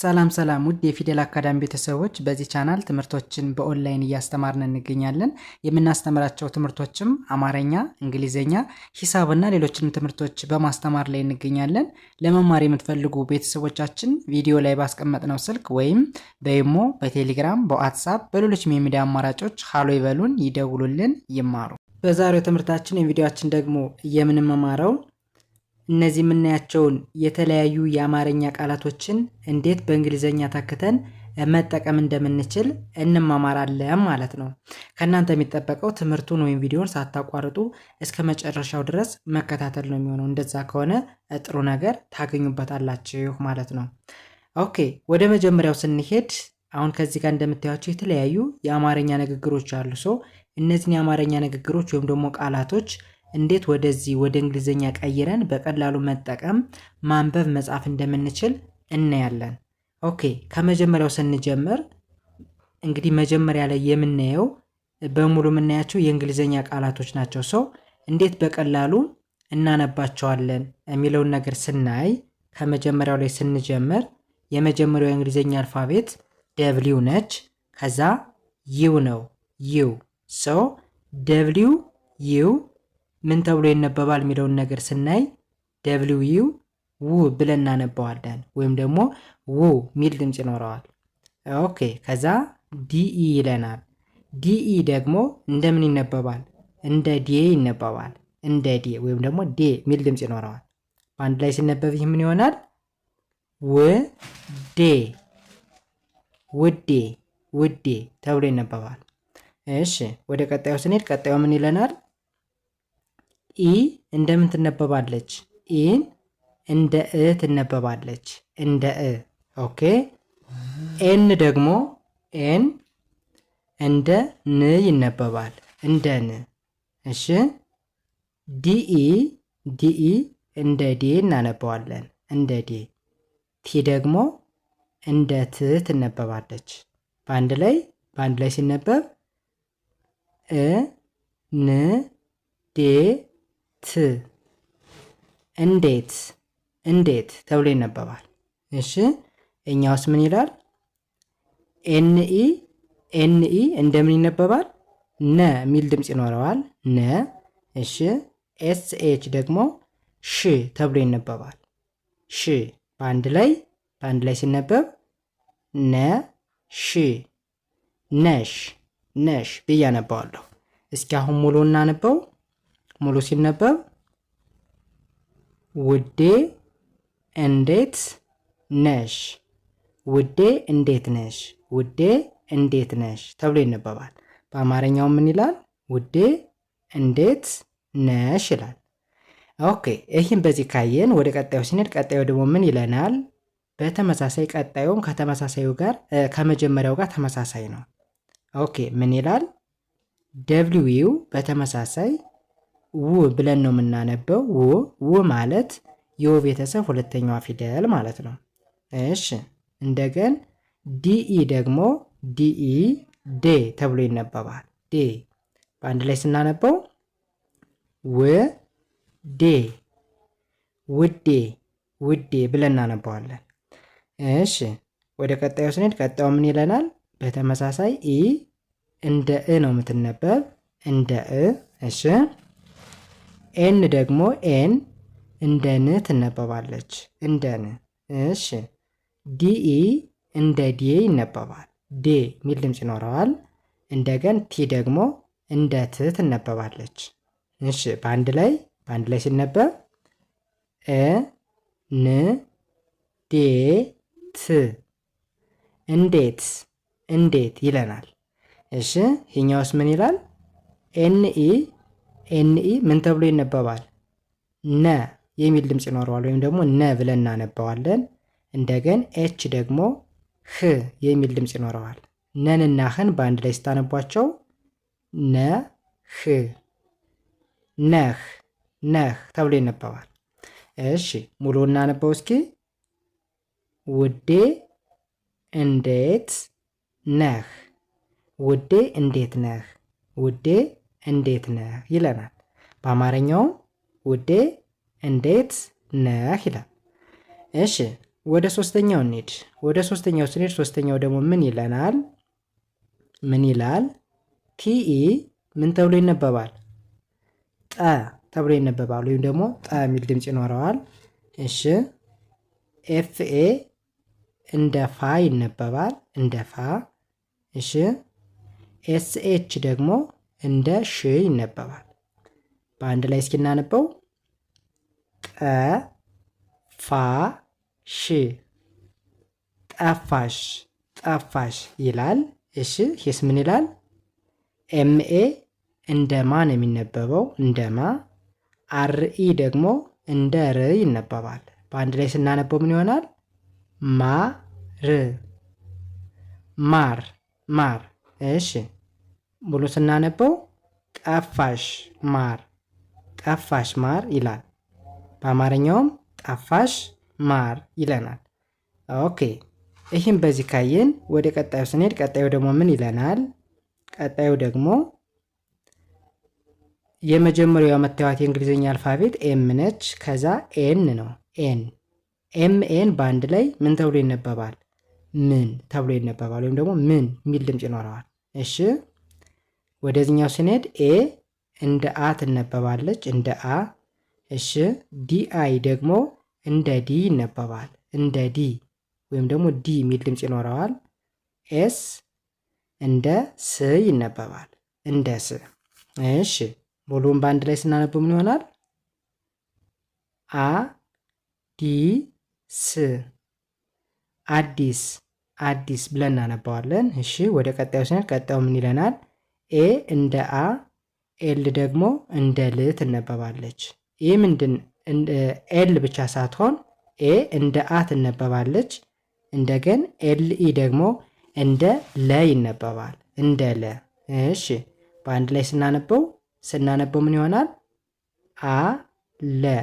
ሰላም ሰላም ውድ የፊደል አካዳሚ ቤተሰቦች፣ በዚህ ቻናል ትምህርቶችን በኦንላይን እያስተማርን እንገኛለን። የምናስተምራቸው ትምህርቶችም አማረኛ እንግሊዝኛ፣ ሂሳብና ሌሎችንም ትምህርቶች በማስተማር ላይ እንገኛለን። ለመማር የምትፈልጉ ቤተሰቦቻችን ቪዲዮ ላይ ባስቀመጥነው ስልክ ወይም በይሞ በቴሌግራም በዋትሳፕ በሌሎችም የሚዲያ አማራጮች ሀሎ ይበሉን፣ ይደውሉልን፣ ይማሩ። በዛሬው ትምህርታችን የቪዲዮችን ደግሞ የምንመማረው እነዚህ የምናያቸውን የተለያዩ የአማርኛ ቃላቶችን እንዴት በእንግሊዘኛ ታክተን መጠቀም እንደምንችል እንማማራለን ማለት ነው። ከእናንተ የሚጠበቀው ትምህርቱን ወይም ቪዲዮን ሳታቋርጡ እስከ መጨረሻው ድረስ መከታተል ነው የሚሆነው። እንደዛ ከሆነ ጥሩ ነገር ታገኙበታላችሁ ማለት ነው። ኦኬ፣ ወደ መጀመሪያው ስንሄድ አሁን ከዚህ ጋር እንደምታያቸው የተለያዩ የአማርኛ ንግግሮች አሉ። ሰው እነዚህን የአማርኛ ንግግሮች ወይም ደግሞ ቃላቶች እንዴት ወደዚህ ወደ እንግሊዝኛ ቀይረን በቀላሉ መጠቀም ማንበብ መጻፍ እንደምንችል እናያለን። ኦኬ ከመጀመሪያው ስንጀምር እንግዲህ መጀመሪያ ላይ የምናየው በሙሉ የምናያቸው የእንግሊዝኛ ቃላቶች ናቸው። ሰው እንዴት በቀላሉ እናነባቸዋለን የሚለውን ነገር ስናይ ከመጀመሪያው ላይ ስንጀምር የመጀመሪያው የእንግሊዝኛ አልፋቤት ደብሊው ነች። ከዛ ዩ ነው ዩ ሰው ደብሊው ዩ ምን ተብሎ ይነበባል የሚለውን ነገር ስናይ ደብሊዩ ው ብለን እናነበዋለን ወይም ደግሞ ው ሚል ድምፅ ይኖረዋል። ኦኬ ከዛ ዲኢ ይለናል። ዲኢ ደግሞ እንደምን ይነበባል? እንደ ዴ ይነበባል። እንደ ዴ ወይም ደግሞ ዴ ሚል ድምፅ ይኖረዋል። በአንድ ላይ ሲነበብ ይህ ምን ይሆናል? ውዴ ውዴ ውዴ ተብሎ ይነበባል። እሺ ወደ ቀጣዩ ስንሄድ ቀጣዩ ምን ይለናል? ኢ እንደምን ትነበባለች? ኢን እንደ እ ትነበባለች። እንደ እ ኦኬ። ኤን ደግሞ ኤን እንደ ን ይነበባል። እንደ ን እሺ። ዲኢ ዲኢ እንደ ዴ እናነበዋለን። እንደ ዴ። ቲ ደግሞ እንደ ት ትነበባለች። በአንድ ላይ በአንድ ላይ ሲነበብ እ ን ዴ ት እንዴት እንዴት ተብሎ ይነበባል። እሺ እኛውስ ምን ይላል? ኤንኢ ኤንኢ እንደምን ይነበባል? ነ የሚል ድምፅ ይኖረዋል። ነ እሺ። ኤስ ኤች ደግሞ ሽ ተብሎ ይነበባል። ሽ በአንድ ላይ በአንድ ላይ ሲነበብ ነ ሽ ነሽ ነሽ ብዬ አነባዋለሁ። እስኪ አሁን ሙሉ እናነበው። ሙሉ ሲነበብ ውዴ እንዴት ነሽ፣ ውዴ እንዴት ነሽ፣ ውዴ እንዴት ነሽ ተብሎ ይነበባል። በአማርኛው ምን ይላል? ውዴ እንዴት ነሽ ይላል። ኦኬ ይህን በዚህ ካየን ወደ ቀጣዩ ስንሄድ ቀጣዩ ደግሞ ምን ይለናል? በተመሳሳይ ቀጣዩም ከተመሳሳዩ ጋር ከመጀመሪያው ጋር ተመሳሳይ ነው። ኦኬ ምን ይላል? ደብሊው በተመሳሳይ ው ብለን ነው የምናነበው። ው ው ማለት የው ቤተሰብ ሁለተኛዋ ፊደል ማለት ነው። እሺ እንደገን ዲኢ ደግሞ ዲኢ ዴ ተብሎ ይነበባል። ዴ በአንድ ላይ ስናነበው ው ዴ ውዴ ውዴ ብለን እናነበዋለን። እሺ ወደ ቀጣዩ ስንሄድ ቀጣዩ ምን ይለናል? በተመሳሳይ ኢ እንደ እ ነው የምትነበብ እንደ እ እሺ ኤን ደግሞ ኤን እንደ ን ትነበባለች። እንደ ን። እሺ ዲኢ እንደ ዴ ይነበባል። ዴ ሚል ድምፅ ይኖረዋል። እንደገን ቲ ደግሞ እንደ ት ትነበባለች። እሺ በአንድ ላይ በአንድ ላይ ሲነበብ ኤ ን ዴ ት እንዴት እንዴት ይለናል። እሺ ይህኛውስ ምን ይላል? ኤን ኢ ኤንኢ ምን ተብሎ ይነበባል? ነ የሚል ድምፅ ይኖረዋል፣ ወይም ደግሞ ነ ብለን እናነበዋለን። እንደገን ኤች ደግሞ ህ የሚል ድምፅ ይኖረዋል። ነን እና ህን በአንድ ላይ ስታነቧቸው ነ ህ ነህ ነህ ተብሎ ይነበባል። እሺ ሙሉ እናነበው እስኪ። ውዴ እንዴት ነህ? ውዴ እንዴት ነህ? ውዴ እንዴት ነህ ይለናል። በአማርኛው ውዴ እንዴት ነህ ይላል። እሺ ወደ ሶስተኛው እንሂድ። ወደ ሶስተኛው ስንሄድ ሶስተኛው ደግሞ ምን ይለናል? ምን ይላል? ቲኢ ምን ተብሎ ይነበባል? ጠ ተብሎ ይነበባል። ወይም ደግሞ ጠ የሚል ድምፅ ይኖረዋል። እሺ ኤፍኤ እንደ ፋ ይነበባል። እንደ ፋ። እሺ ኤስኤች ደግሞ እንደ ሽ ይነበባል። በአንድ ላይ እስኪናነበው ጠ ፋ ሽ ጠፋሽ ጠፋሽ ይላል። እሺ ሄስ ምን ይላል? ኤምኤ እንደ ማ ነው የሚነበበው፣ እንደ ማ። አርኢ ደግሞ እንደ ር ይነበባል። በአንድ ላይ ስናነበው ምን ይሆናል? ማ ር ማር ማር። እሺ ብሎ ስናነበው ጠፋሽ ማር ጠፋሽ ማር ይላል። በአማርኛውም ጠፋሽ ማር ይለናል። ኦኬ ይህም በዚህ ካየን ወደ ቀጣዩ ስንሄድ ቀጣዩ ደግሞ ምን ይለናል? ቀጣዩ ደግሞ የመጀመሪያው የምታዩት የእንግሊዝኛ አልፋቤት ኤም ነች። ከዛ ኤን ነው ኤን ኤም ኤን በአንድ ላይ ምን ተብሎ ይነበባል? ምን ተብሎ ይነበባል። ወይም ደግሞ ምን የሚል ድምፅ ይኖረዋል። እሺ ወደዚህኛው ስንሄድ ኤ እንደ አ ትነበባለች፣ እንደ አ። እሺ ዲ አይ ደግሞ እንደ ዲ ይነበባል፣ እንደ ዲ ወይም ደግሞ ዲ የሚል ድምፅ ይኖረዋል። ኤስ እንደ ስ ይነበባል፣ እንደ ስ። እሺ ሙሉውን በአንድ ላይ ስናነብ ምን ይሆናል? አ ዲ ስ አዲስ፣ አዲስ ብለን እናነባዋለን። እሺ ወደ ቀጣዩ ስንሄድ ቀጣዩ ምን ይለናል? ኤ እንደ አ ኤል ደግሞ እንደ ል ትነበባለች። ይህ ምንድን ኤል ብቻ ሳትሆን ኤ እንደ አ ትነበባለች። እንደገን ኤል ኢ ደግሞ እንደ ለ ይነበባል። እንደ ለ። እሺ በአንድ ላይ ስናነበው ስናነበው ምን ይሆናል? አ ለ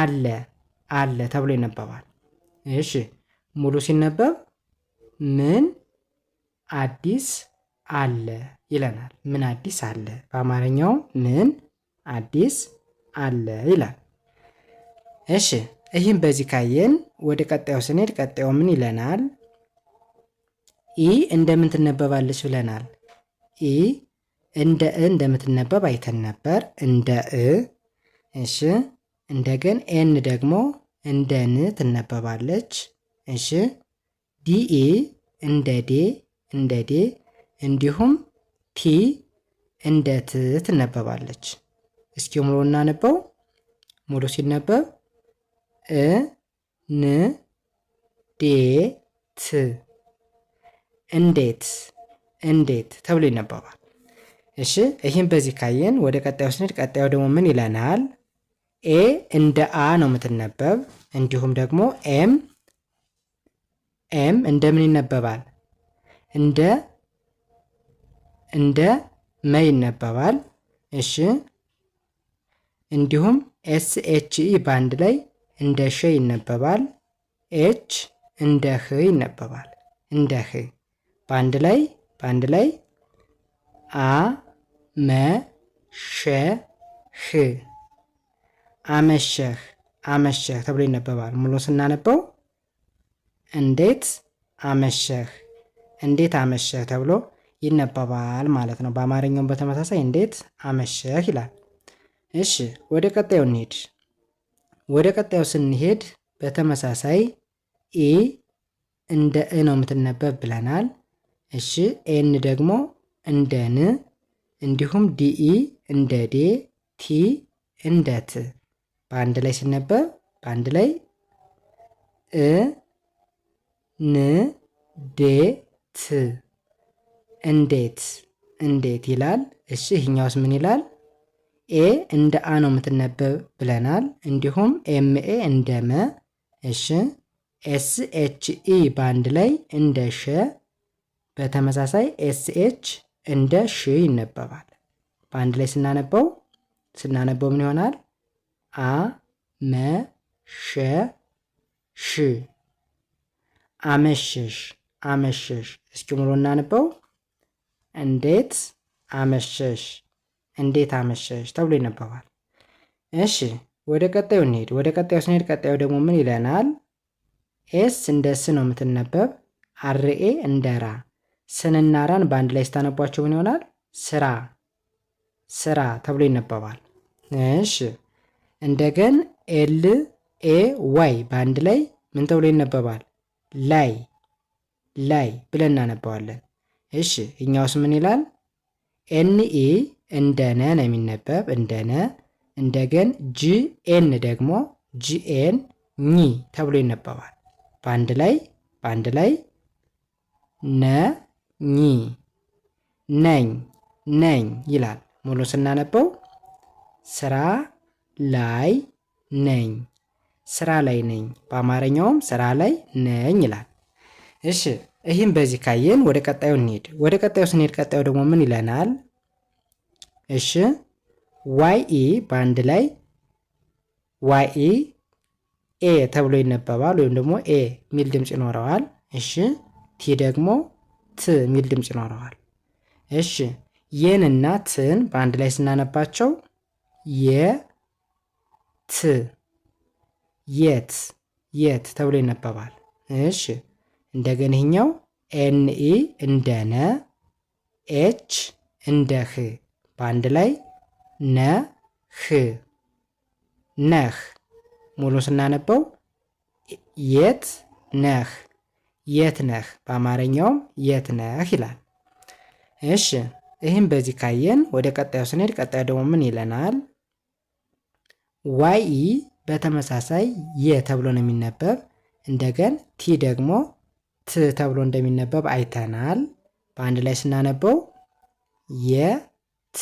አለ አለ ተብሎ ይነበባል። እሺ ሙሉ ሲነበብ ምን አዲስ አለ ይለናል። ምን አዲስ አለ? በአማርኛው ምን አዲስ አለ ይላል። እሺ ይህም በዚህ ካየን ወደ ቀጣዩ ስንሄድ ቀጣዩ ምን ይለናል? ኢ እንደምን ትነበባለች ብለናል። ኢ እንደ እ እንደምትነበብ አይተን ነበር። እንደ እ እሺ። እንደገን ኤን ደግሞ እንደ ን ትነበባለች። እሺ ዲኢ እንደ ዴ እንደ ዴ እንዲሁም ቲ እንደ ት ትነበባለች። እስኪ ሙሉ እናነበው። ሙሉ ሲነበብ እ ን ዴ ት እንዴት እንዴት ተብሎ ይነበባል። እሺ ይህም በዚህ ካየን ወደ ቀጣዩ ስንሄድ ቀጣዩ ደግሞ ምን ይለናል? ኤ እንደ አ ነው የምትነበብ። እንዲሁም ደግሞ ኤም ኤም እንደምን ይነበባል? እንደ እንደ መ ይነበባል። እሺ እንዲሁም ኤስ ኤች ኢ ላይ እንደ ሸ ይነበባል። ኤች እንደ ህ ይነበባል። እንደ ህ ባንድ ላይ ባንድ ላይ አ መ ሸ ህ አመሸህ አመሸህ ተብሎ ይነበባል። ሙሉ ስናነበው እንዴት አመሸህ እንዴት አመሸህ ተብሎ ይነበባል ማለት ነው። በአማርኛውም በተመሳሳይ እንዴት አመሸህ ይላል። እሺ ወደ ቀጣዩ እንሄድ። ወደ ቀጣዩ ስንሄድ በተመሳሳይ ኢ እንደ እ ነው የምትነበብ ብለናል። እሺ ኤን ደግሞ እንደ ን እንዲሁም ዲኢ እንደ ዴ ቲ እንደ ት በአንድ ላይ ሲነበብ በአንድ ላይ እ ን ዴ ት እንዴት እንዴት ይላል። እሺ ይህኛውስ ምን ይላል? ኤ እንደ አ ነው የምትነበብ ብለናል። እንዲሁም ኤምኤ እንደ መ እሺ ኤስ ኤች ኢ በአንድ ላይ እንደ ሸ፣ በተመሳሳይ ኤስ ኤች እንደ ሽ ይነበባል። በአንድ ላይ ስናነበው ስናነበው ምን ይሆናል? አ መ ሸ ሽ አመሸሽ አመሸሽ። እስኪ ሙሉ እናነበው እንዴት አመሸሽ፣ እንዴት አመሸሽ ተብሎ ይነበባል። እሺ ወደ ቀጣዩ እንሄድ። ወደ ቀጣዩ ስንሄድ ቀጣዩ ደግሞ ምን ይለናል? ኤስ እንደ ስ ነው የምትነበብ። አርኤ እንደ ራ። ስንና ራን በአንድ ላይ ስታነቧቸው ምን ይሆናል? ስራ፣ ስራ ተብሎ ይነበባል። እሺ እንደገን ኤል ኤ ዋይ በአንድ ላይ ምን ተብሎ ይነበባል? ላይ፣ ላይ ብለን እናነበዋለን? እሺ እኛውስ ምን ይላል? ኤንኢ እንደ ነ ነው የሚነበብ እንደ ነ። እንደገን ኤን ደግሞ ጂ ኤን ኚ ተብሎ ይነበባል። በአንድ ላይ በአንድ ላይ ነ ኚ ነኝ ነኝ ይላል። ሙሉ ስናነበው ስራ ላይ ነኝ ስራ ላይ ነኝ። በአማርኛውም ስራ ላይ ነኝ ይላል። እሺ ይህም በዚህ ካየን ወደ ቀጣዩ እንሄድ። ወደ ቀጣዩ ስንሄድ ቀጣዩ ደግሞ ምን ይለናል? እሺ ዋይ ኢ በአንድ ላይ ዋይ ኢ ኤ ተብሎ ይነበባል፣ ወይም ደግሞ ኤ ሚል ድምፅ ይኖረዋል። እሺ ቲ ደግሞ ት ሚል ድምፅ ይኖረዋል። እሺ የን እና ትን በአንድ ላይ ስናነባቸው የ ት የት የት ተብሎ ይነበባል። እሺ እንደገና ይሄኛው ኤንኢ እንደ ነ ኤች እንደ ህ በአንድ ላይ ነ ህ ነህ። ሙሉ ስናነበው የት ነህ፣ የት ነህ። በአማርኛውም የት ነህ ይላል። እሺ ይህም በዚህ ካየን ወደ ቀጣዩ ስንሄድ ቀጣዩ ደግሞ ምን ይለናል? ዋይ ኢ በተመሳሳይ የ ተብሎ ነው የሚነበብ። እንደገን ቲ ደግሞ ት ተብሎ እንደሚነበብ አይተናል። በአንድ ላይ ስናነበው የት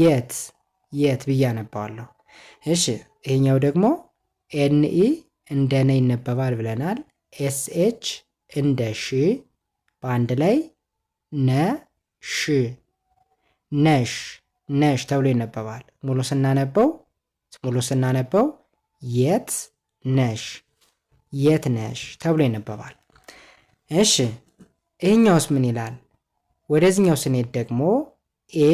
የት የት ብዬ አነባዋለሁ። እሺ ይሄኛው ደግሞ ኤንኢ እንደ ነ ይነበባል ብለናል። ኤስኤች እንደ ሺ በአንድ ላይ ነ ሺ ነሽ ነሽ ተብሎ ይነበባል። ሙሉ ስናነበው ሙሉ ስናነበው የት ነሽ የት ነሽ ተብሎ ይነበባል። እሺ ይህኛውስ ምን ይላል? ወደዚህኛው ስንሄድ ደግሞ ኤ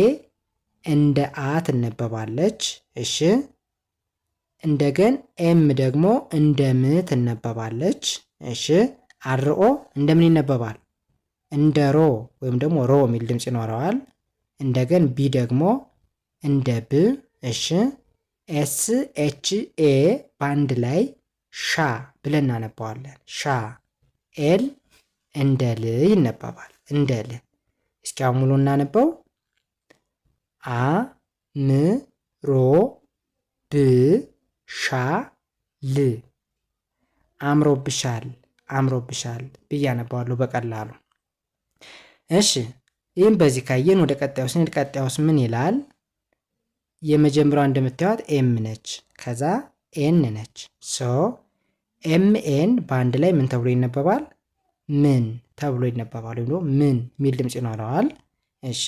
እንደ አ ትነበባለች። እሺ እንደገን ኤም ደግሞ እንደ ም ትነበባለች። እሺ አርኦ እንደምን ይነበባል? እንደ ሮ ወይም ደግሞ ሮ የሚል ድምፅ ይኖረዋል። እንደገን ቢ ደግሞ እንደ ብ። እሺ ኤስ ኤች ኤ በአንድ ላይ ሻ ብለን እናነባዋለን። ሻ ኤል እንደ ል ይነበባል። እንደ ል እስኪ አሁን ሙሉ እናነበው። አ ም ሮ ብ ሻ ል አምሮብሻል፣ አምሮብሻል ብዬ በቀላሉ። እሺ ይህም በዚህ ካየን ወደ ቀጣዩ ስንሄድ ቀጣዩስ ምን ይላል? የመጀመሪያው እንደምታዩት ኤም ነች፣ ከዛ ኤን ነች። ሶ ኤም ኤን በአንድ ላይ ምን ተብሎ ይነበባል? ምን ተብሎ ይነበባል። ወይም ደግሞ ምን የሚል ድምፅ ይኖረዋል። እሺ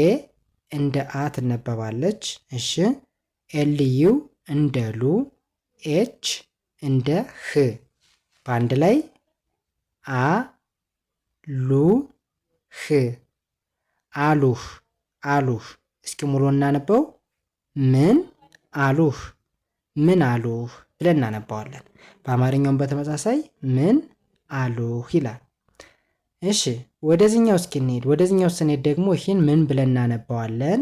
ኤ እንደ አ ትነበባለች። እሺ ኤልዩ እንደ ሉ፣ ኤች እንደ ህ በአንድ ላይ አ ሉ ህ አሉህ አሉህ። እስኪ ሙሉ እናነበው። ምን አሉህ ምን አሉህ ብለን እናነባዋለን። በአማርኛውም በተመሳሳይ ምን አሉህ ይላል። እሺ ወደዚህኛው እስኪንሄድ ወደዚኛው ስንሄድ ደግሞ ይህን ምን ብለን እናነባዋለን?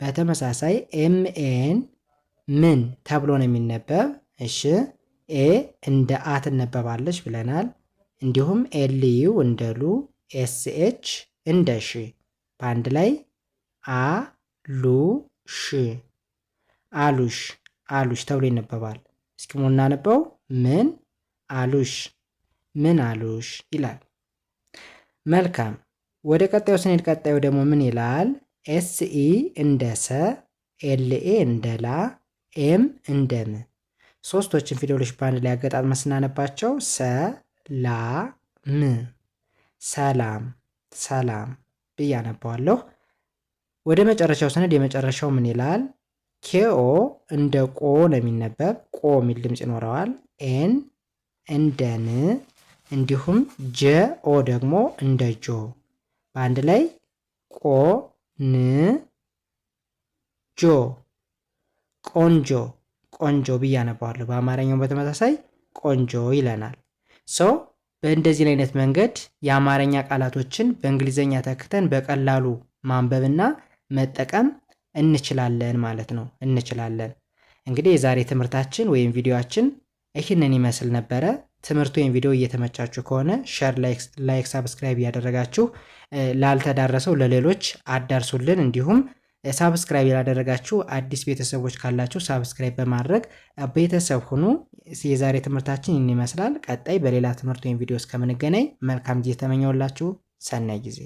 በተመሳሳይ ኤምኤን ምን ተብሎ ነው የሚነበብ? እሺ ኤ እንደ አ ትነበባለች ብለናል። እንዲሁም ኤልዩ እንደ ሉ፣ ኤስኤች እንደ ሺ በአንድ ላይ አ ሉ ሺ አሉሽ አሉሽ ተብሎ ይነበባል። እስኪ እናነበው ምን አሉሽ ምን አሉሽ ይላል። መልካም ወደ ቀጣዩ ስንሄድ ቀጣዩ ደግሞ ምን ይላል? ኤስኢ እንደ ሰ፣ ኤልኤ እንደ ላ፣ ኤም እንደ ም ሶስቶችን ፊደሎች በአንድ ላይ አገጣጥመ ስናነባቸው ሰ ላ ም ሰላም ሰላም ብያነባዋለሁ። ወደ መጨረሻው ስንሄድ የመጨረሻው ምን ይላል? ኬኦ እንደ ቆ ነው የሚነበብ። ቆ የሚል ድምፅ ይኖረዋል። ኤን እንደ ን እንዲሁም ጀ ኦ ደግሞ እንደ ጆ በአንድ ላይ ቆ ን ጆ ቆንጆ ቆንጆ ብዬ አነባዋለሁ። በአማርኛው በተመሳሳይ ቆንጆ ይለናል። ሶ በእንደዚህ አይነት መንገድ የአማርኛ ቃላቶችን በእንግሊዝኛ ተክተን በቀላሉ ማንበብና መጠቀም እንችላለን ማለት ነው። እንችላለን። እንግዲህ የዛሬ ትምህርታችን ወይም ቪዲዮችን ይህንን ይመስል ነበረ። ትምህርቱ ወይም ቪዲዮ እየተመቻችሁ ከሆነ ሸር፣ ላይክ፣ ሳብስክራይብ እያደረጋችሁ ላልተዳረሰው ለሌሎች አዳርሱልን። እንዲሁም ሳብስክራይብ ያላደረጋችሁ አዲስ ቤተሰቦች ካላችሁ ሳብስክራይብ በማድረግ ቤተሰብ ሁኑ። የዛሬ ትምህርታችን ይህን ይመስላል። ቀጣይ በሌላ ትምህርት ወይም ቪዲዮ እስከምንገናኝ መልካም ጊዜ ተመኘውላችሁ። ሰናይ ጊዜ